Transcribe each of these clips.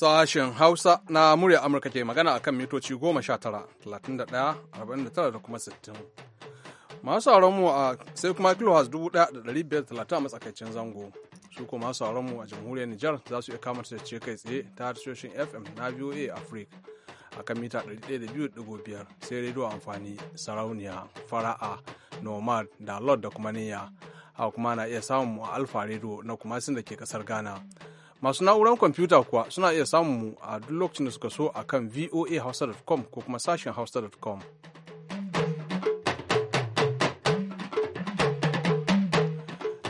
Sashen Hausa na murya Amurka ke magana akan mitoci 19, 31, 49 da kuma 60. Masu mu a sai kuma da 1,530 a matsakaicin zango. Su kuma masu mu a jamhuriyar Nijar za su iya kamata da ce kai tsaye ta harsoshin FM na VOA Africa. a kan mita 102.5 sai rediyo amfani sarauniya fara'a nomad da lord da kuma niyya haka kuma na iya samun mu a alfa rediyo na kuma sun da ke kasar ghana Masu na'urar kwamfuta kuwa suna iya samun mu a duk lokacin da suka so a kan voahausa.com ko kuma sashen hausa.com.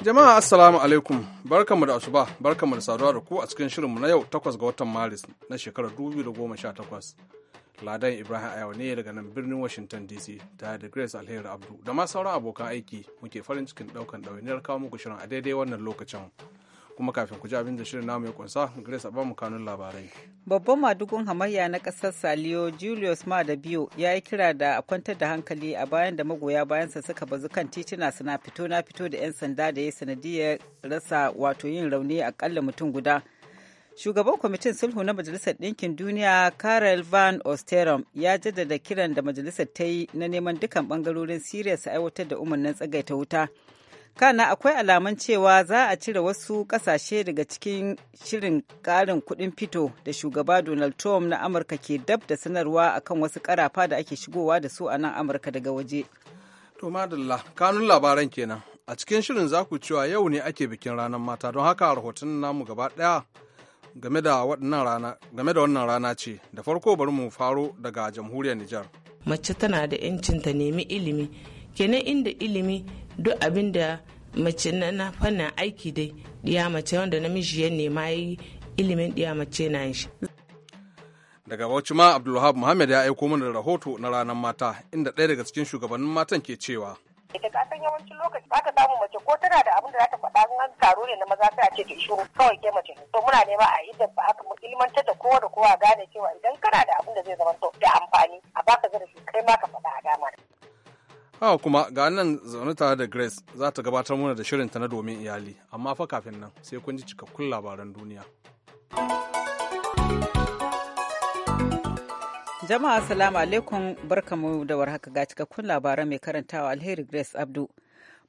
Jama'a Assalamu alaikum, barkanmu da asuba, barkanmu da saduwa da ku a cikin shirinmu na yau 8 ga watan Maris na shekarar 2018. Ladan Ibrahim Ayawa ne daga nan birnin Washington DC tare da Grace Alheri Abdu da ma sauran abokan aiki muke farin cikin daukan ɗawainiyar kawo muku shirin a daidai wannan lokacin. kuma kafin ku ji abin da shirin namu ya kunsa grace ba mu kanun labarai babban madugun hamayya na kasar saliyo julius ma da biyo ya yi kira da a kwantar da hankali a bayan da magoya bayansa suka bazu kan tituna suna fito na fito da 'yan sanda da ya sanadiyar rasa wato yin rauni akalla mutum guda shugaban kwamitin sulhu na majalisar ɗinkin duniya karel van osterom ya jaddada kiran da majalisar ta yi na neman dukkan bangarorin siriya su aiwatar da umarnin tsagaita wuta kana akwai alaman cewa za a cire wasu kasashe daga cikin shirin karin kudin fito da shugaba donald trump na amurka ke dab da sanarwa akan wasu karafa da ake shigowa da su a nan amurka daga waje to madalla kanun labaran kenan a cikin shirin za ku cewa yau ne ake bikin ranar mata don haka rahoton namu gaba daya game da wannan rana ce da farko bari mu faro daga jamhuriyar nijar mace tana da 'yancin ta nemi ilimi kenan inda ilimi duk abin da mace na fannin aiki dai ɗiya mace wanda namiji ya nema yi ilimin ɗiya mace na shi. Daga Bauchi ma Abdulwahab Muhammad ya aiko mana rahoto na ranar mata inda ɗaya daga cikin shugabannin matan ke cewa. ita ka san yawancin lokaci ka samu mace ko tana da abin da za ta faɗa an taro ne na maza sai a ce ta shiru kawai ke mace to muna nema a idan ba haka mu ilmantar da kowa da kowa gane cewa idan kana da abin da zai zama to da amfani a baka zarafi kai ma ka faɗa a dama. Haka kuma ga nan zaune tare da Grace za ta gabatar mana da shirinta na domin iyali, amma fa kafin nan sai kun ji cikakkun labaran duniya. Jama'a salamu alaikum barkamu da warhaka ga cikakkun labaran mai karantawa alheri Grace Abdu.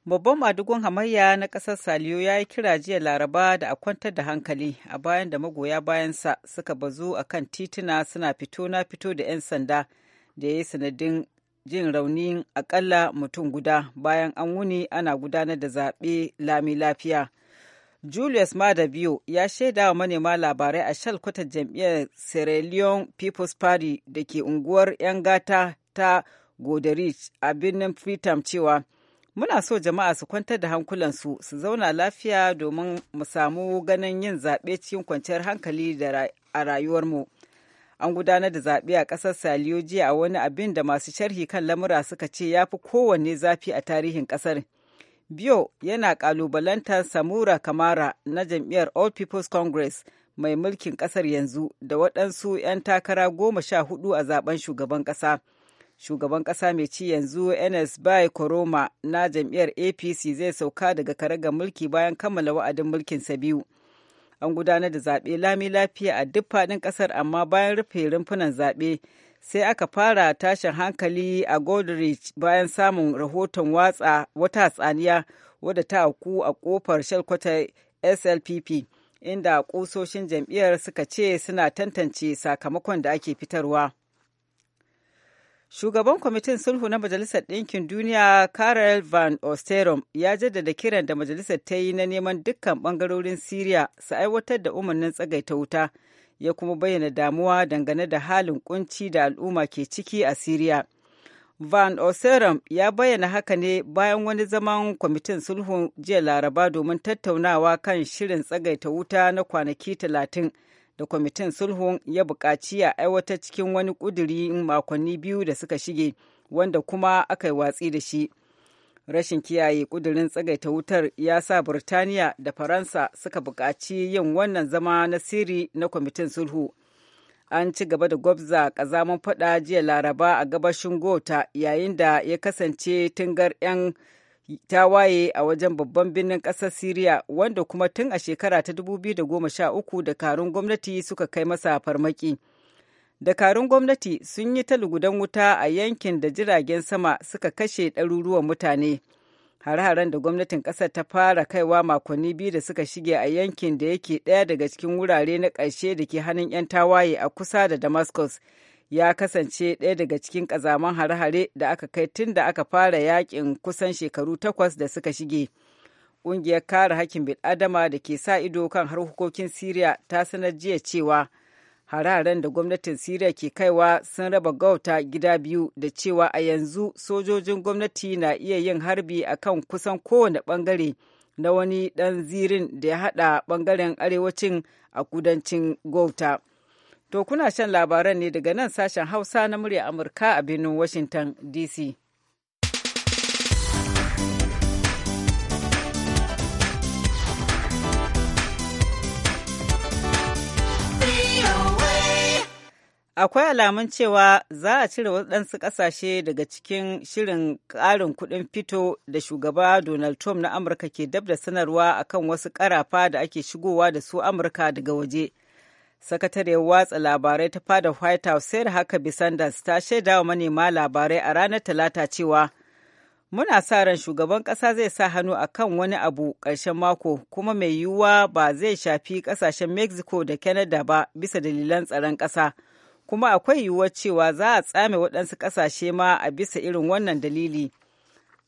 Babban madugun hamayya na ƙasar Saliyo ya yi kira jiya Laraba da a kwantar da hankali a bayan da magoya bayansa suka bazu a kan tituna suna fito na fito da 'yan sanda da ya yi sanadin jin raunin akalla mutum guda bayan an wuni ana gudanar da zaɓe lami lafiya. Julius Madabio ya shaida wa manema labarai a shalkwatar jam'iyyar Sierra Leone People's Party da ke unguwar 'yan gata ta Goderich a birnin Freetown cewa muna so jama'a su kwantar da hankulansu su zauna lafiya domin mu samu ganin yin zaɓe cikin kwanciyar hankali da a rayuwarmu. an gudanar da zaɓe a ƙasar saliyo jiya a wani abin da masu sharhi kan lamura suka ce ya fi kowanne zafi a tarihin ƙasar biyo yana ƙalubalantar samura kamara na jam'iyyar all people's congress mai mulkin ƙasar yanzu da waɗansu 'yan takara goma sha hudu a zaben shugaban ƙasa shugaban ƙasa mai ci yanzu ns bai koroma na jam'iyyar apc zai sauka daga kare ga mulki bayan kammala wa'adin mulkin sa biyu an gudanar da zaɓe lami lafiya a duk faɗin ƙasar amma bayan rufe rumfunan zaɓe sai aka fara tashin hankali a Goldrich bayan samun rahoton watsa wata hatsaniya wadda ta auku a kofar shalkwata slpp inda ƙusoshin jam'iyyar suka ce suna tantance sakamakon da ake fitarwa Shugaban kwamitin sulhu na Majalisar Ɗinkin Duniya Karel Van Osterom ya jaddada kiran da majalisar ta yi na neman dukkan ɓangarorin Siriya su aiwatar da umarnin tsagaita wuta, ya kuma bayyana damuwa dangane da halin kunci da al'umma ke ciki a Siriya. Van Osterom ya bayyana haka ne bayan wani zaman kwamitin Sulhu jiya Laraba domin tattaunawa kan shirin tsagaita wuta na kwanaki talatin. da kwamitin sulhun ya buƙaci ya aiwata cikin wani ƙuduri makonni biyu da suka shige wanda kuma aka yi watsi da shi rashin kiyaye ƙudurin tsagaita wutar ya sa burtaniya da faransa suka buƙaci yin wannan zama na sirri na kwamitin sulhu an ci gaba da gwabza ƙazamin faɗa jiya laraba a gabashin gota yayin da ya kasance tungar 'yan tawaye a wajen babban birnin ƙasar Siriya wanda kuma tun a shekara ta 2013 dakarun gwamnati suka kai masa farmaki. Dakarun gwamnati sun yi ta lugudan wuta a yankin da jiragen sama suka kashe ɗaruruwan mutane. Hare-haren da gwamnatin ƙasar ta fara kaiwa makonni biyu da suka shige a yankin da yake ɗaya daga cikin wurare na ƙarshe da ke hannun 'yan tawaye a kusa da Damascus. ya kasance ɗaya daga cikin ƙazaman hare-hare da aka kai tun da aka fara yakin kusan shekaru takwas da suka shige. Ƙungiyar kare hakkin bil'adama da ke sa ido kan harkokokin Siriya ta sanar jiya cewa hare-haren da gwamnatin Siriya ke kaiwa sun raba gauta gida biyu da cewa a yanzu sojojin gwamnati na iya yin harbi akan kusan kowane ɓangare na wani ɗan zirin da ya haɗa ɓangaren arewacin a kudancin gauta. To kuna shan labaran ne daga nan sashen Hausa na murya Amurka a birnin Washington DC. Akwai alamun cewa za a cire waɗansu ƙasashe daga cikin shirin ƙarin kuɗin fito da shugaba Donald Trump na Amurka ke dab da sanarwa akan wasu ƙarafa da ake shigowa da su Amurka daga waje. sakatariyar watsa labarai ta fada white house sarah haka sanders ta shaida wa manema labarai a ranar talata cewa muna sa ran shugaban ƙasa zai sa hannu a kan wani abu ƙarshen mako kuma mai yiwuwa ba zai shafi ƙasashen mexico da canada ba bisa dalilan tsaron ƙasa kuma akwai yiwuwar cewa za a tsame waɗansu ƙasashe ma a bisa irin wannan dalili.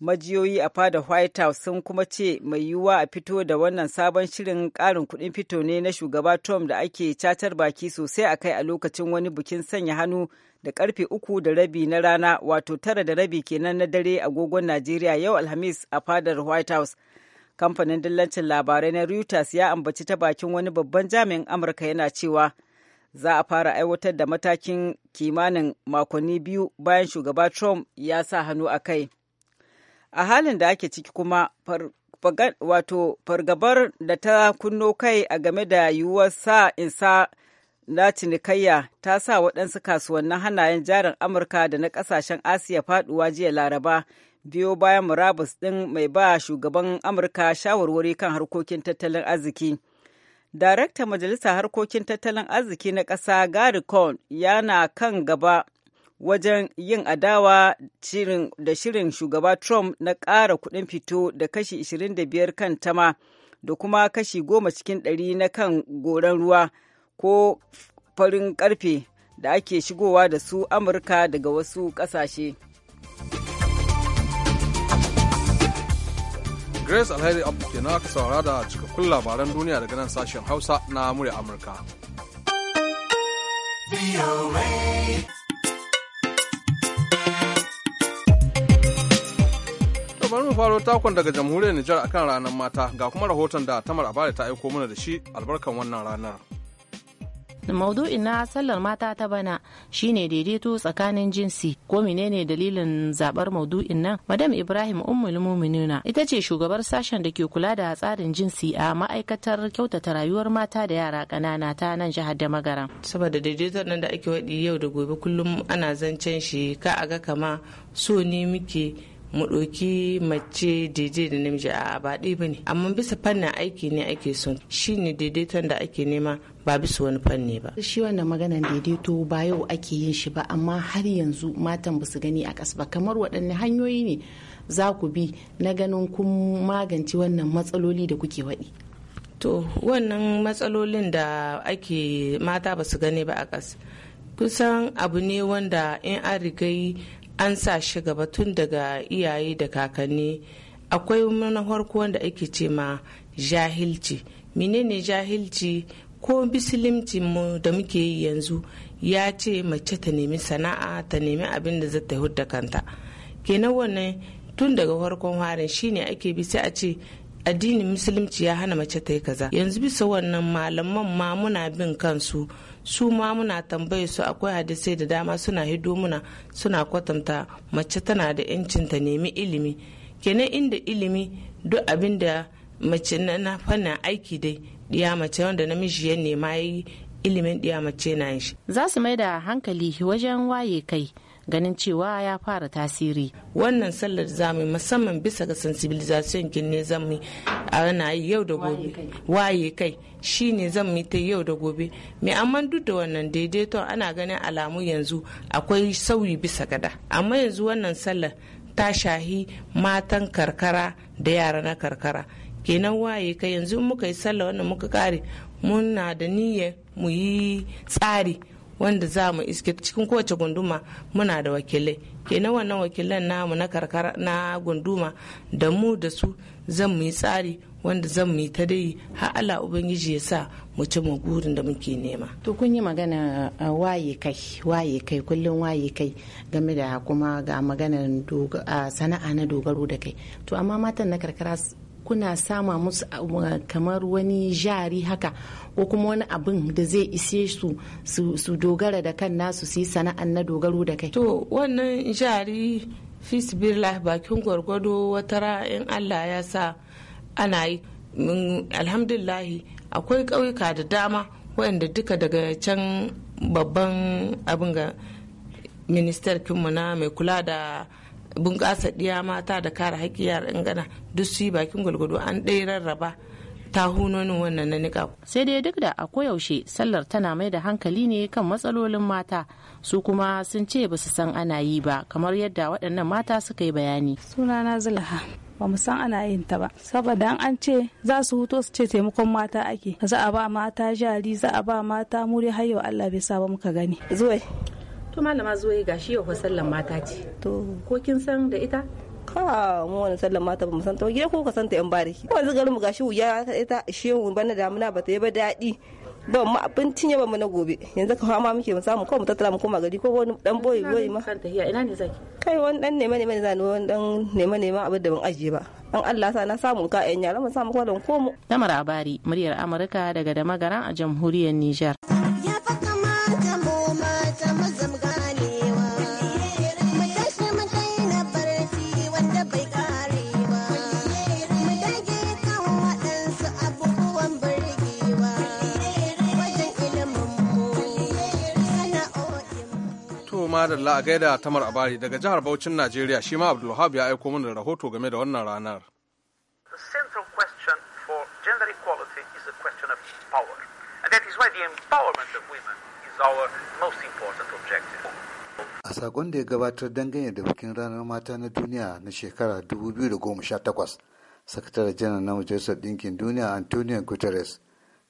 majiyoyi a fada white house sun kuma ce mai yiwuwa a fito da wannan sabon shirin karin kudin fito ne na shugaba trump da ake catar baki sosai a kai a lokacin wani bikin sanya hannu da karfe uku da rabi na rana wato tara da rabi kenan na dare agogon najeriya yau alhamis a fadar white house kamfanin dillancin labarai na reuters ya ambaci ta bakin wani babban jami'in amurka yana cewa za a fara aiwatar da matakin kimanin makonni biyu bayan shugaba trump ya sa hannu a kai a halin da ake ciki kuma wato fargabar da ta kunno kai a game da yiwuwar sa insa na cinikayya ta sa waɗansu kasuwannin hannayen jarin amurka da na ƙasashen asiya faɗuwa jiya laraba biyo bayan murabus ɗin mai ba shugaban amurka shawarwari kan harkokin tattalin arziki daraktan majalisar harkokin tattalin arziki na ƙasa gary cohn yana kan gaba wajen yin adawa da shirin shugaba Trump na ƙara kuɗin fito da kashi 25 kan tama da kuma kashi 10 cikin 100 na kan goran ruwa ko farin ƙarfe da ake shigowa da su Amurka daga wasu ƙasashe. Grace Alheri abu kenan aka saurara da cikakkun labaran duniya daga nan sashen Hausa na murya Amurka. bari mu faro takon daga jamhuriyar Nijar akan ranar mata ga kuma rahoton da Tamar Abare ta aiko mana da shi albarkan wannan ranar. maudu'in na sallar mata ta bana shine daidaito tsakanin jinsi ko menene dalilin zabar maudu'in nan madam ibrahim ummul muminuna ita ce shugabar sashen da ke kula da tsarin jinsi a ma'aikatar kyautata rayuwar mata da yara ƙanana ta nan jihar da magaran saboda daidaito nan da ake waɗi yau da gobe kullum ana zancen shi ka aga kama so ne muke mu ɗauki mace daidai da namiji a ba ɗaya ba ne amma bisa fannin aiki ne ake son shi ne daidaiton da ake nema ba bisa wani fanni ba shi wannan maganan daidaito ba yau ake yin shi ba amma har yanzu matan ba su gani a ƙasa ba kamar waɗanne hanyoyi ne za ku bi na ganin kun magance wannan matsaloli da kuke waɗi to wannan matsalolin da ake mata ba su gani ba a ƙasa kusan abu ne wanda in an rigai an sa shi gaba tun daga iyaye da kakanni akwai na farko wanda ake ce ma jahilci menene jahilci ko bisilimcin mu da muke yi yanzu ya ce mace ta nemi sana'a ta nemi abin da zata hudda kanta kenan wannan tun daga farkon harin shine ake bi sai a ce addinin musulunci ya hana mace ta yi kaza yanzu bisa wannan malaman ma muna bin kansu su ma muna tambaye su akwai hadisai da dama suna hido muna suna kwatanta mace tana da yancin ta nemi ilimi kenan inda ilimi duk abin da mace na fannin aiki dai diya mace wanda namiji ya nema yi ilimin diya mace na shi za su mai da hankali wajen waye kai ganin cewa ya fara tasiri wannan sallar zamu musamman bisa ga sensibilization kin ne zamu ana yi yau da gobe waye kai Shi ne zamu ta yau da gobe me amma duk da wannan daidaito ana ganin alamu yanzu akwai sauyi bisa gada amma yanzu wannan sallar ta shahi matan karkara da yara na karkara kenan waye kai yanzu muka yi sallah wannan muka kare muna da niyyar mu yi tsari wanda za mu iske cikin kowace gunduma muna da wakilai kenan wannan wakilan namu na karkara na gunduma da mu da su zan mu yi tsari wanda zan mu yi ta dai har Allah ubangiji ya sa mu ci mu gurin da muke nema to kun yi magana waye kai waye kai kullun waye kai game da kuma ga maganar sana'a na dogaro da kai to amma matan na karkara kuna sama musu kamar wani jari haka ko kuma wani abin da zai ise su su dogara da kan nasu su yi sana'an na dogaro da kai to wannan jari fisbirla bakin gwargwado wata in allah ya sa ana yi alhamdulilahi akwai ƙauyuka da dama waɗanda duka daga can babban abin ga minister kinmu na mai kula da bunƙasa ɗiya mata da kare haƙƙi yaran gana duk su yi bakin gwalgwado an ɗaya rarraba ta hunonin wannan na niƙa. sai dai duk da a koyaushe sallar tana mai da hankali ne kan matsalolin mata su kuma sun ce ba su san ana yi ba kamar yadda waɗannan mata suka yi bayani. sunana zulaha ba mu san ana yin ta ba saboda an ce za su huto su ce taimakon mata ake za a ba mata jari za a ba mata muri har yau Allah bai sa ba muka gani zuwai to malama yi gashi yau sallan mata ce to ko kin san da ita ka mu wani sallan mata ba mu san ta gida ko ka san ta yan bariki yanzu garin mu gashi wuya ita shehu bana damuna ba ta yi ba daɗi ba mu abincin yaba mu na gobe yanzu ka fama muke mu samu ko mu tattara mu koma gari ko wani dan boye boye ma kan hiya ina ne zaki kai wani dan nema nema ne zani wani dan nema nema abin da ban ajiye ba an Allah sa na samu ka yan yara mu samu ko dan komo na marabari muryar Amurka daga da magaran a jamhuriyar Niger ya madalla a gaida tamar abari daga jihar Bauchin Najeriya shi ma Abdulwahab ya aiko mana rahoto game da wannan ranar. is a saƙon sakon da ya gabatar dangane da bikin ranar mata na duniya na shekara 2018, sakatare janar na majalisar ɗinkin duniya Antonio Guterres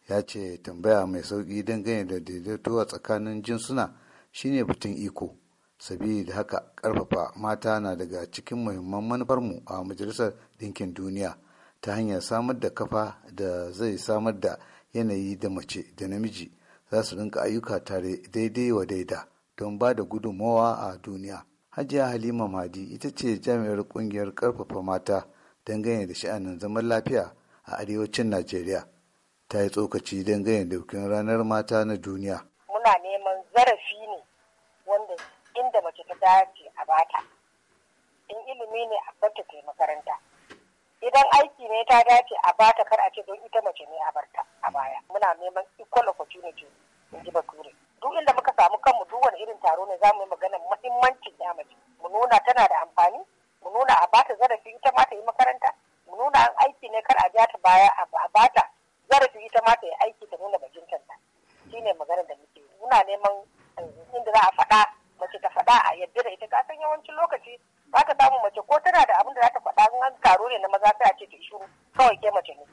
ya ce tambaya mai sauƙi dangane da daidaito a tsakanin jinsuna shine batun iko sabida da haka karfafa mata na daga cikin muhimman manufarmu a majalisar ɗinkin duniya ta hanyar samar da kafa da zai samar da yanayi da mace da namiji za su rinka ayyuka tare daidai wa daida don ba da gudummawa a duniya hajiya halima madi ita ce jami'ar kungiyar karfafa mata dangane da sha'anin zaman lafiya a arewacin najeriya ta yi tsokaci dangane da ranar mata na duniya muna dace a bata in ilimi ne a bata ta makaranta idan aiki ne ta dace a bata kar a ce don ita mace ne a barta a baya muna neman equal opportunity in ji bature duk inda muka samu kanmu duk wani irin taro ne zamu yi magana muhimmancin ya mace mu nuna tana da amfani mu nuna a bata zarafi ita ma ta yi makaranta mu nuna an aiki ne kar a ja ta baya a bata zarafi ita ma ta yi aiki ta nuna bajintan shi shine maganar da muke muna neman eh, inda za a faɗa mace ta faɗa a yadda da ita ka san yawancin lokaci za ka samu mace ko tana da abin da za ta faɗa an taro ne na maza sai a ce ta shiru kawai ke mace ne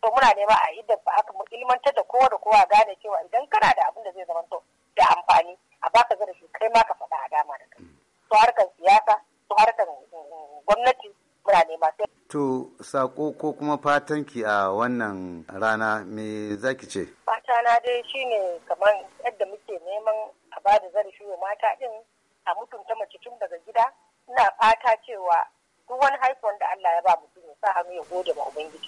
to muna nema a idan ba aka ilmantar da kowa da kowa gane cewa idan kana da abin da zai zama to da amfani a baka zarafi kai ma ka faɗa a dama da kai to harkar siyasa to harkar mm, mm, gwamnati muna nema sai To sako ko kuma fatanki a wannan rana me zaki ce? Fatana dai shine fata cewa duk wani haifon da Allah ya ba mutum ya sa hannu ya gode ma Ubangiji.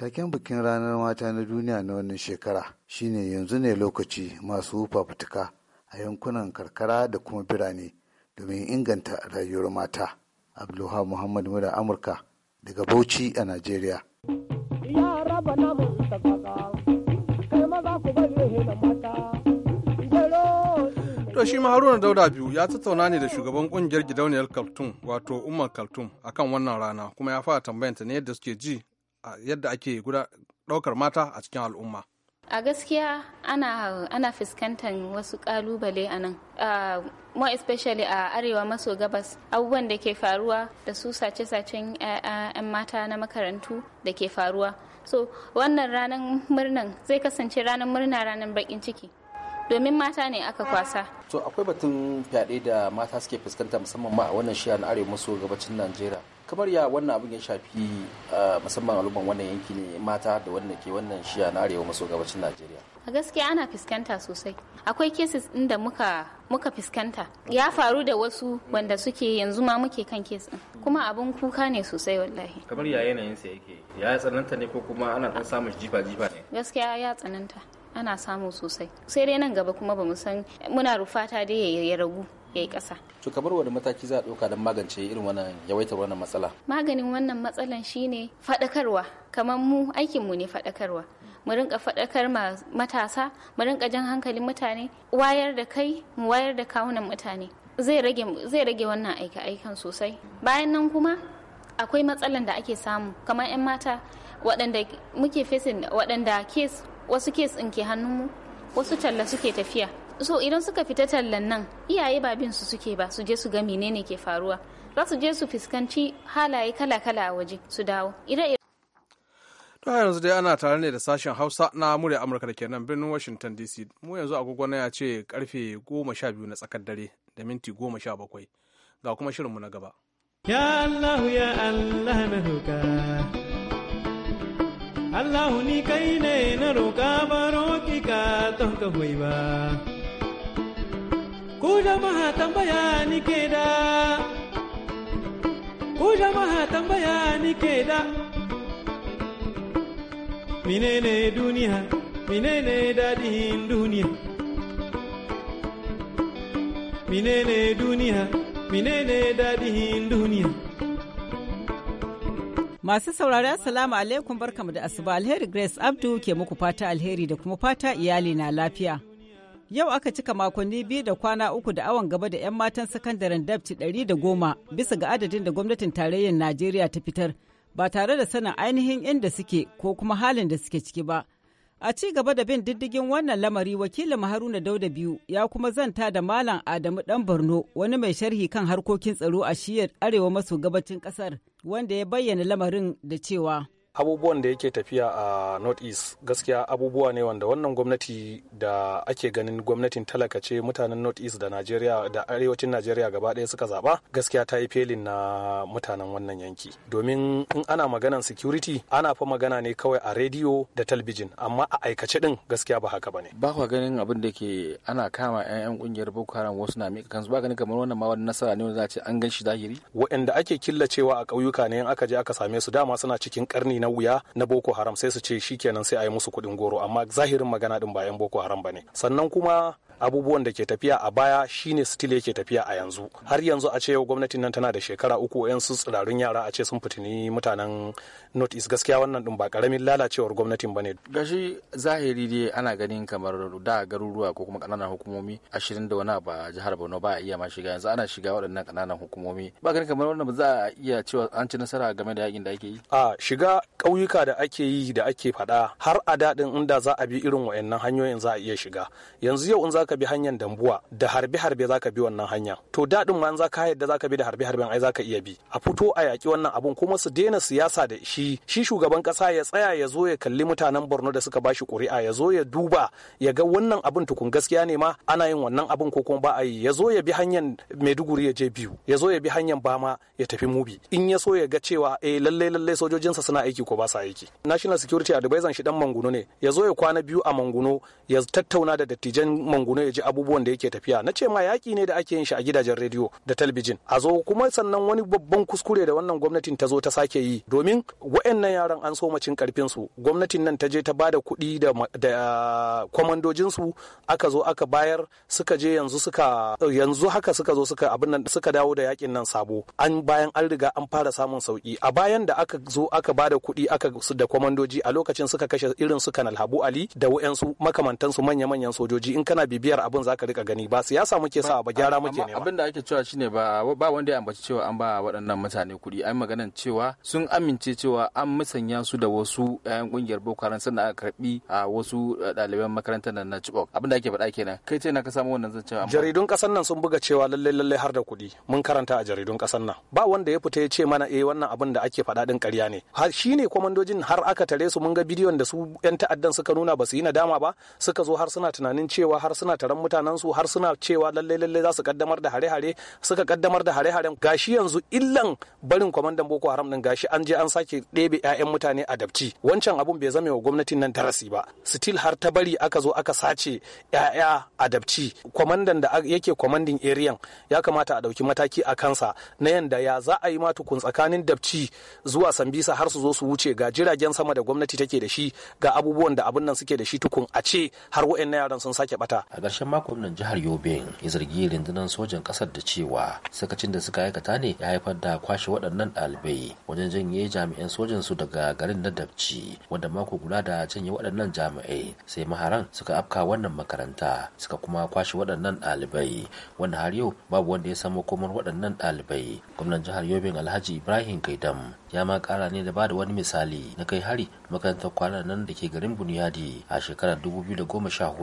Taken bikin ranar mata na duniya na wannan shekara shine yanzu ne lokaci masu fafutuka a yankunan karkara da kuma birane domin inganta rayuwar mata. Abdullahi Muhammad Mura Amurka daga Bauchi a Najeriya. Ya raba To shi ma Haruna Dauda biyu ya tattauna ne da shugaban kungiyar gidauniyar Kaltun wato Umar kaltun akan wannan rana kuma ya fara tambayanta ne yadda suke ji yadda ake ɗaukar mata a cikin al'umma a gaskiya ana, ana fuskantar wasu kalubale a nan uh, more especially a uh, arewa maso gabas abubuwan da ke faruwa da su sace-sacen 'yan mata na makarantu da ke faruwa so wannan ranar murnan zai kasance ranar murna ranar bakin ciki domin mata ne aka kwasa. To akwai batun fyaɗe da mata suke fuskanta musamman ma a wannan shiya na arewa maso gabacin Najeriya. kamar ya wannan abin ya shafi eh, musamman al'umman wannan yanki ne mata da wannan ke wannan shiya na arewa maso gabacin najeriya a gaskiya ana fuskanta sosai akwai cases inda muka muka fuskanta ya faru da wasu wanda suke yanzu ma muke kan kes din kuma abin kuka ne sosai wallahi kamar ya yanayin sa yake ya tsananta ne ko kuma ana dan samun jifa jifa ne gaskiya ya tsananta ana samu sosai sai dai nan gaba kuma bamu san muna rufata dai ya ragu ya yi ƙasa. To kamar wani mataki za a ɗauka don magance irin wannan yawaitar wannan matsala? Maganin wannan matsalan shine faɗakarwa kamar mu aikinmu ne faɗakarwa. mu rinka faɗakar matasa mu rinka jan hankalin mutane wayar da kai mu wayar da kawunan mutane zai rage wannan aika-aikan sosai bayan nan kuma akwai matsalan da ake samu kamar 'yan mata waɗanda muke fesin waɗanda kes wasu kes ɗin ke hannunmu wasu talla suke tafiya so idan suka fita tallan nan iyaye ba bin su suke ba su je su ga menene ke faruwa za su je su fuskanci halaye kala-kala a waje su dawo to yanzu dai ana tare ne da sashen hausa na murya amurka da ke nan birnin washington dc mu yanzu agogo na ya ce karfe goma na tsakar dare da minti goma bakwai ga kuma shirinmu na gaba ya allahu ya allah na roka allahu ni kai ne na roka baro ki ka ton ka ba ku jama'a tambaya ni ke da ku jama'a tambaya ni ke da menene duniya menene dadihin duniya menene duniya menene dadihin duniya Masu saurari Assalamu alaikum barkamu da asuba alheri Grace Abdu ke muku fata alheri da kuma fata iyali na lafiya. Yau aka cika makonni biyu da kwana uku da awon gaba da 'yan matan sakandaren dabci 110 bisa ga adadin da gwamnatin tarayyar Najeriya ta fitar ba tare da sanin ainihin inda suke ko kuma halin da suke ciki ba. A ci gaba da bin diddigin wannan lamari wakilin Haruna Dauda biyu ya kuma zanta da Malam Adamu Dan Borno wani mai sharhi kan harkokin tsaro a shiyar arewa maso gabacin ƙasar, wanda ya bayyana lamarin da cewa. abubuwan da yake tafiya a north east gaskiya abubuwa ne wanda wannan gwamnati da ake ganin gwamnatin talaka ce mutanen north east da najeriya da arewacin najeriya gaba ɗaya suka zaba gaskiya ta yi felin na mutanen wannan yanki domin in ana maganan security ana fa magana ne kawai a rediyo da talbijin amma a aikace din gaskiya ba haka bane ba ku ganin abin da ke ana kama yan kungiyar boko haram wasu na mika kansu ba ganin kamar wannan ma wani nasara ne wanda za a ce an gan shi zahiri waɗanda ake killacewa a ƙauyuka ne in aka je aka same su dama suna cikin karni na wuya na boko haram sai su ce shikenan sai a yi musu kuɗin goro amma zahirin magana din ba yan boko haram bane sannan kuma abubuwan da ke tafiya a baya shine still yake tafiya a yanzu har yanzu a ce gwamnatin nan tana da shekara uku yan tsirarun yara a ce sun fitini mutanen north east gaskiya wannan din ba karamin lalacewar gwamnatin bane gashi zahiri dai ana ganin kamar da garuruwa ko kuma kananan hukumomi ashirin da wani ba jihar borno ba a iya ma shiga yanzu ana shiga waɗannan kananan hukumomi ba ganin kamar wannan ba za a iya cewa an ci nasara game da yakin da ake yi a shiga ƙauyuka da ake yi da ake faɗa har a daɗin inda za a bi irin wayannan hanyoyin za a iya shiga yanzu yau in za zaka bi hanyar dambuwa da harbe harbe zaka bi wannan hanya to daɗin ma za ka yadda zaka bi da harbe harben ai zaka iya bi a fito a yaki wannan abun kuma su daina siyasa da shi shi shugaban kasa ya tsaya ya zo ya kalli mutanen Borno da suka bashi ƙuri'a ya zo ya duba ya ga wannan abun tukun gaskiya ne ma ana yin wannan abun ko kuma ba a yi ya zo ya bi hanyar Maiduguri ya je biyu ya zo ya bi hanyar Bama ya tafi Mubi in ya so ya ga cewa eh lalle lalle sojojinsa suna aiki ko ba sa aiki National Security Advisor shi dan Manguno ne ya zo ya kwana biyu a Manguno ya tattauna da dattijan Manguno zaune ya ji abubuwan da yake tafiya na ce ma yaƙi ne da ake yin shi a gidajen rediyo da talbijin a zo kuma sannan wani babban kuskure da wannan gwamnatin ta zo ta sake yi domin wa'annan yaran an so macin karfin su gwamnatin nan ta je ta bada kuɗi da ah, kwamandojin su aka zo aka bayar suka je yanzu suka yanzu haka suka zo suka abin nan suka dawo da yakin nan sabo an bayan an riga an fara samun sauki a bayan da aka zo aka bada kuɗi aka su da kwamandoji a lokacin suka kashe irin su kanal habu ali da wa'ansu makamantansu manya-manyan sojoji in kana bibiya biyar abin ka rika gani ba siyasa muke sa ba gyara muke nema abin da ake cewa shine ba ba wanda ya ambaci cewa an ba waɗannan mutane kuɗi ai maganan cewa sun amince cewa an musanya su da wasu ƴan kungiyar Boko Haram sannan aka karbi a wasu ɗaliban makarantar nan na Chibok abin da ake faɗa kenan kai ce na ka samu wannan cewa. jaridun ƙasar nan sun buga cewa lalle lalle har da kuɗi mun karanta a jaridun ƙasar nan ba wanda ya fita ya ce mana eh wannan abin da ake faɗa din ƙarya ne har shine kwamandojin har aka tare su mun ga bidiyon da su ƴan ta'addan suka nuna ba su yi nadama ba suka zo har suna tunanin cewa har suna taron mutanen su har suna cewa lalle lalle za su kaddamar da hare-hare suka kaddamar da hare-haren gashi yanzu illan barin kwamandan boko haram din gashi an je an sake ɗebe 'ya'yan mutane a dabci wancan abun bai zame wa gwamnatin nan tarasi ba still har ta bari aka zo aka sace 'ya'ya a dabci kwamandan da yake kwamandin eriyan ya kamata a dauki mataki a kansa na yanda ya za a yi ma tukun tsakanin dabci zuwa sambisa har su zo su wuce ga jiragen sama da gwamnati take da shi ga abubuwan da abun nan suke da shi tukun a ce har wa'annan yaran sun sake bata a ƙarshen makon nan jihar yobe ya zargi rundunar sojan ƙasar da cewa sakacin da suka aikata ne ya haifar da kwashe waɗannan ɗalibai wajen janye jami'an sojan su daga garin na dabci wanda mako guda da janye waɗannan jami'ai sai maharan suka afka wannan makaranta suka kuma kwashe waɗannan ɗalibai wanda har yau babu wanda ya samu komar waɗannan ɗalibai gwamnan jihar yobe alhaji ibrahim kaidam ya ma kara ne da bada wani misali na kai hari makarantar kwanan nan da ke garin buniyadi a shekarar 2014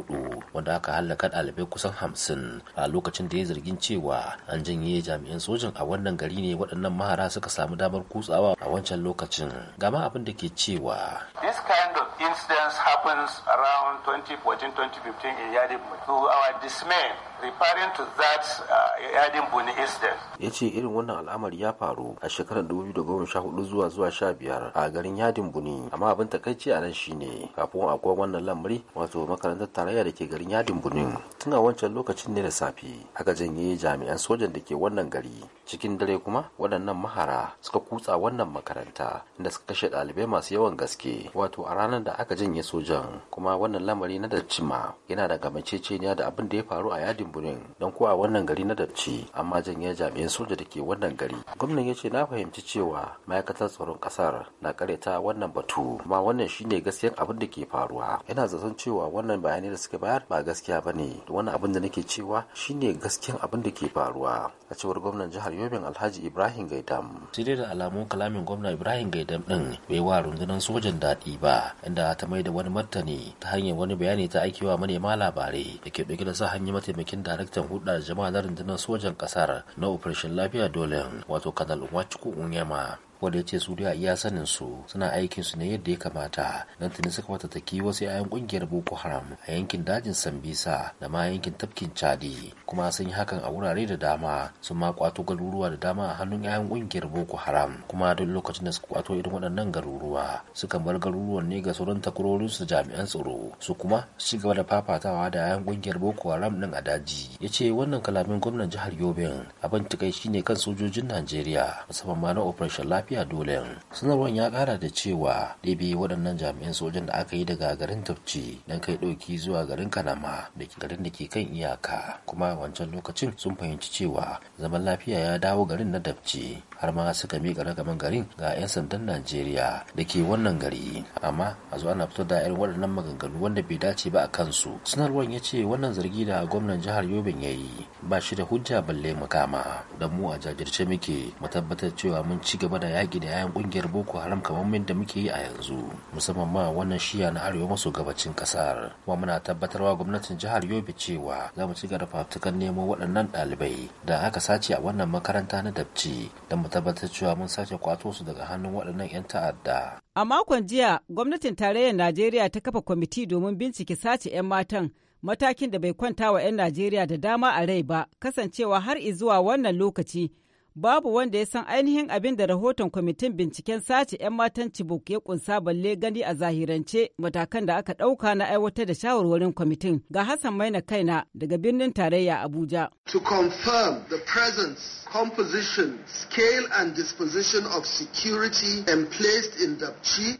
wanda aka hallaka ɗalibai kusan hamsin a lokacin da ya zargin cewa an janye jami'an sojan a wannan gari ne waɗannan mahara suka samu damar kutsawa a wancan lokacin gama abin da ke cewa this kind of incidents happens around 2014-2015 in Yadimba to our dismay referring to that uh, yadin Buni incident. Ya ce irin wannan al'amari ya faru a shekarar 2014 zuwa zuwa 15 a garin yadin Buni amma abin takaici a nan shine kafin akwai wannan lamari wato makarantar tarayya da ke garin yadin Buni tun a wancan lokacin ne da safe aka janye jami'an sojan da ke wannan gari cikin dare kuma waɗannan mahara suka kutsa wannan makaranta inda suka kashe ɗalibai masu yawan gaske wato a ranar da aka janye sojan kuma wannan lamari na da cima yana da gamaceceniya da abin da ya faru a yadin yin burin don kuwa wannan gari na dabci amma janye jami'an soja da ke wannan gari gwamnan ya ce na fahimci cewa ma'aikatar tsaron kasar na karyata wannan batu amma wannan shine gaskiyar abin da ke faruwa yana zaton cewa wannan bayanai da suka bayar ba gaskiya ba ne wannan abin da nake cewa shine gaskiyar abin da ke faruwa a cewar gwamnan jihar Yobin Alhaji Ibrahim Gaidam sai da alamun kalamin gwamna Ibrahim Gaidam din bai wa rundunar sojan daɗi ba inda ta mai da wani martani ta hanyar wani bayani ta aikiwa manema labarai da ke ɗauke da sa hanyar mataimakin mataimakin daraktan hudu jama'a na rundunar sojan ƙasar na operation lafiya dole wato kanal Nwachukwu unyama wanda ya ce su da iya sanin su suna aikin su ne yadda ya kamata don tuni suka fatattaki wasu 'ya'yan kungiyar boko haram a yankin dajin sambisa da ma yankin tafkin chadi kuma sun yi hakan a wurare da dama sun ma kwato garuruwa da dama a hannun 'ya'yan kungiyar boko haram kuma duk lokacin da suka kwato irin waɗannan garuruwa suka bar garuruwan ne ga sauran takurorin su jami'an tsaro su kuma ci gaba da fafatawa da 'ya'yan kungiyar boko haram din a daji ya ce wannan kalamin gwamnan jihar yobin abin takaici ne kan sojojin najeriya musamman ma na operation lafiya dole sanarwar ya kara da cewa ɗebe waɗannan jami'an sojan da aka yi daga garin tafci don kai ɗauki zuwa garin kanama da garin da ke kan iyaka kuma wancan lokacin sun fahimci cewa zaman lafiya ya dawo garin na tafci har ma suka miƙa ragaman garin ga 'yan sandan najeriya da ke wannan gari amma a zo ana fitar da irin waɗannan maganganu wanda bai dace ba a kansu sanarwar ya ce wannan zargi da gwamnan jihar yobin ya yi ba shi da hujja balle makama da mu a jajirce muke mu tabbatar cewa mun ci gaba da yaƙi da yayan ƙungiyar boko haram kamar da muke yi a yanzu musamman ma wannan shiya na arewa maso gabacin ƙasar kuma muna tabbatarwa gwamnatin jihar yobe cewa za mu ci gaba fafutukan nemo waɗannan ɗalibai da aka sace a wannan makaranta na dabci don mu tabbatar cewa mun sace kwato su daga hannun waɗannan 'yan ta'adda. A makon jiya gwamnatin tarayyar Najeriya ta kafa kwamiti domin bincike sace 'yan matan matakin da bai kwanta wa 'yan Najeriya da dama a rai ba kasancewa har izuwa wannan lokaci babu wanda ya san ainihin abin da rahoton kwamitin binciken sace 'yan matan Chibok ya kunsa balle gani a zahirance matakan da aka ɗauka na aiwatar da shawarwarin kwamitin ga Hassan Maina Kaina daga birnin tarayya Abuja. To confirm the presence, composition, scale and disposition of security emplaced in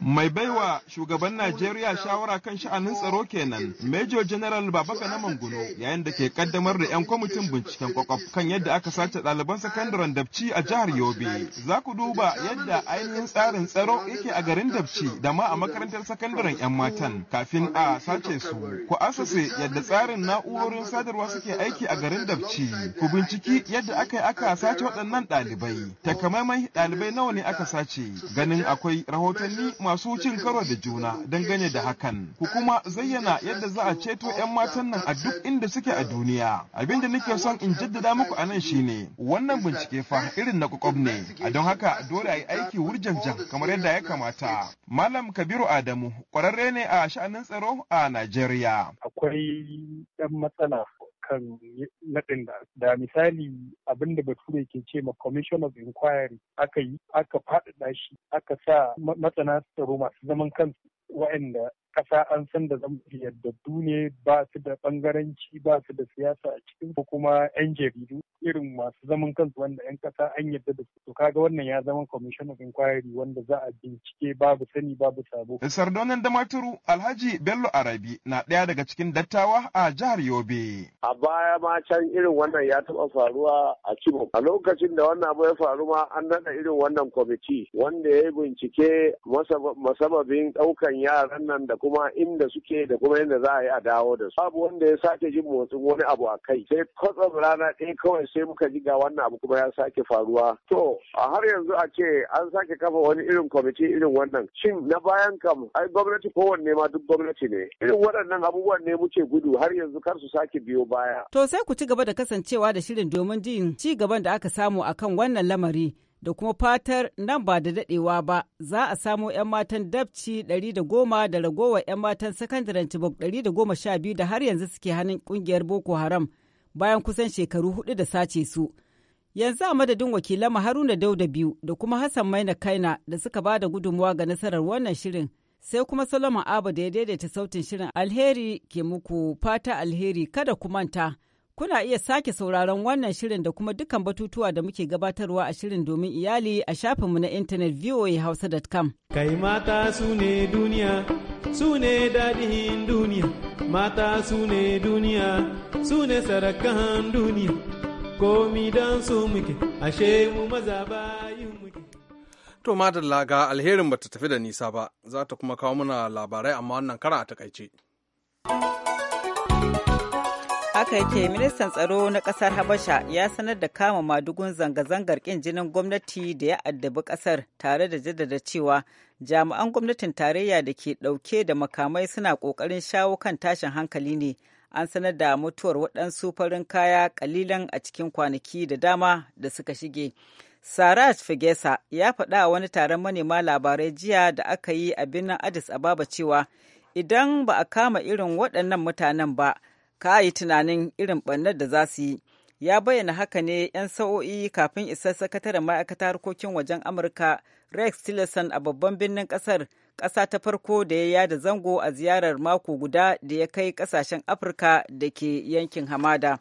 Mai baiwa shugaban Najeriya shawara kan sha'anin tsaro kenan Major General Babaka na Manguno yayin da ke kaddamar da 'yan kwamitin binciken kwakwaf kan yadda aka sace ɗaliban sakandaren da. Dabci a jihar Yobe. Za ku duba yadda ainihin tsarin tsaro yake a garin Dabci da ma a makarantar sakandaren 'yan matan kafin a sace su. Ku asase yadda tsarin na'urorin sadarwa suke aiki a garin Dabci. Ku binciki yadda aka yi aka sace waɗannan ɗalibai. Takamaiman ɗalibai nawa ne aka sace? Ganin akwai rahotanni masu cin karo da juna dangane da hakan. Ku kuma zayyana yadda za a ceto 'yan matan nan a duk inda suke a duniya. Abin da nake son in jaddada muku a nan shine wannan bincike fa ba irin na kwakwab ne a don haka dole a yi aiki wurjanjan kamar yadda ya kamata malam kabiru adamu ƙwararre ne a sha'anin tsaro a najeriya akwai ɗan matsala kan naɗin da da misali abin da bature ke ce ma commission of inquiry aka yi aka faɗaɗa shi aka sa matsana tsaro masu zaman kansu waɗanda kasa an san da zan yaddadu ne ba su da bangaranci ba su da siyasa a cikin ko kuma 'yan jaridu irin masu zaman kansu wanda 'yan kasa an yadda da su. kaga wannan ya zama commission of inquiry wanda za a bincike babu sani babu sabo. Sardonan Damaturu Alhaji Bello Arabi na ɗaya daga cikin dattawa a jihar Yobe. A baya ma can irin wannan ya taɓa faruwa a Cibo. A lokacin da wannan abu ya faru ma an naɗa irin wannan kwamiti wanda ya yi bincike masababin ɗaukan yaran nan da kuma inda suke da kuma inda za a yi a dawo da su babu wanda ya sake jin motsin wani abu a kai sai kwatsam rana ɗaya kawai sai muka ji ga wannan abu kuma ya sake faruwa to a har yanzu a ce an sake kafa wani irin kwamiti irin wannan shin na bayan kam ai gwamnati kowanne ma duk gwamnati ne irin waɗannan abubuwan ne muke gudu har yanzu kar su sake biyo baya to sai ku ci gaba da kasancewa da shirin domin jin ci gaban da aka samu akan wannan lamari da kuma fatar nan ba da daɗewa ba za a samo 'yan matan dabci 110 da ragowar 'yan matan sakandaren cibok 112 da har yanzu suke hannun ƙungiyar boko haram bayan kusan shekaru hudu da sace su yanzu a madadin wakilan haruna dauda biyu da kuma hassan maina kaina da suka ba da gudunmuwa ga nasarar wannan shirin sai kuma solomon abu da ya daidaita sautin shirin alheri ke muku fata alheri kada ku manta. Kuna iya sake sauraron wannan shirin da kuma dukkan batutuwa da muke gabatarwa a shirin domin iyali a shafinmu na intanet voahausa.com. Kai mata su ne duniya, su ne daɗin duniya, mata su ne duniya, su ne sarakan duniya, komi don su muke, ashe mu maza bayin muke. To madalla ga alherin bata tafi da nisa ba, za ta kuma kawo mana labarai amma wannan kara a takaice. haka yake ministan tsaro na kasar habasha ya sanar da kama madugun zanga-zangar kin jinin gwamnati da ya addabi kasar tare da jaddada cewa jami'an gwamnatin tarayya da ke dauke da makamai suna kokarin shawo kan tashin hankali ne an sanar da mutuwar waɗansu farin kaya kalilan a cikin kwanaki da dama da suka shige saraj fegesa ya faɗa wani taron manema labarai jiya da aka yi a birnin addis ababa cewa idan ba a kama irin waɗannan mutanen ba ka yi tunanin irin ɓannar da za su yi ya bayyana haka ne 'yan sa'o'i kafin isar sakataren ma'aikata harkokin wajen amurka rex tillerson a babban birnin kasar ƙasa ta farko da ya yada zango a ziyarar mako guda da ya kai ƙasashen afirka da ke yankin hamada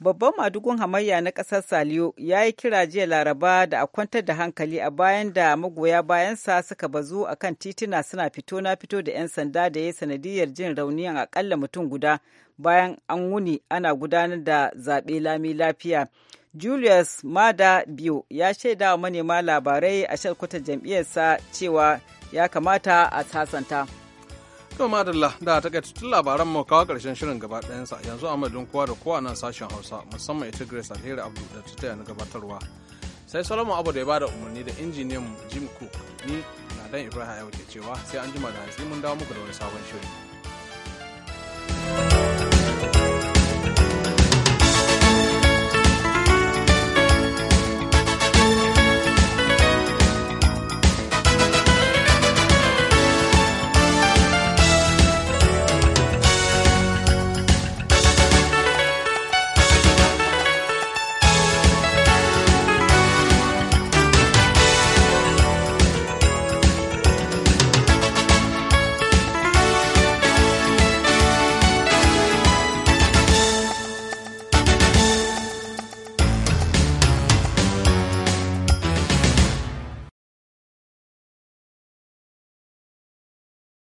babban madugun hamayya na ƙasar saliyo ya yi kira jiya laraba da a kwantar da hankali a bayan da magoya bayansa suka bazu a kan tituna suna fito na fito da 'yan sanda da ya sanadiyar jin a akalla mutum guda bayan an wuni ana gudanar da zaɓe lami lafiya. Julius Mada Biyu ya shaida wa manema labarai a shalkutar jam'iyyarsa cewa ya kamata a tasanta. To madalla da ta tun labaran mu kawo karshen shirin gaba ɗayansa yanzu madadin kowa da kowa nan sashen Hausa musamman ita Grace Alheri Abdu da ta taya na gabatarwa. Sai Solomon Abu da ya bada umarni da injiniyan Jim Cook ni na dan Ibrahim Ayo ke cewa sai an jima da hatsi mun dawo muku da wani sabon shirin.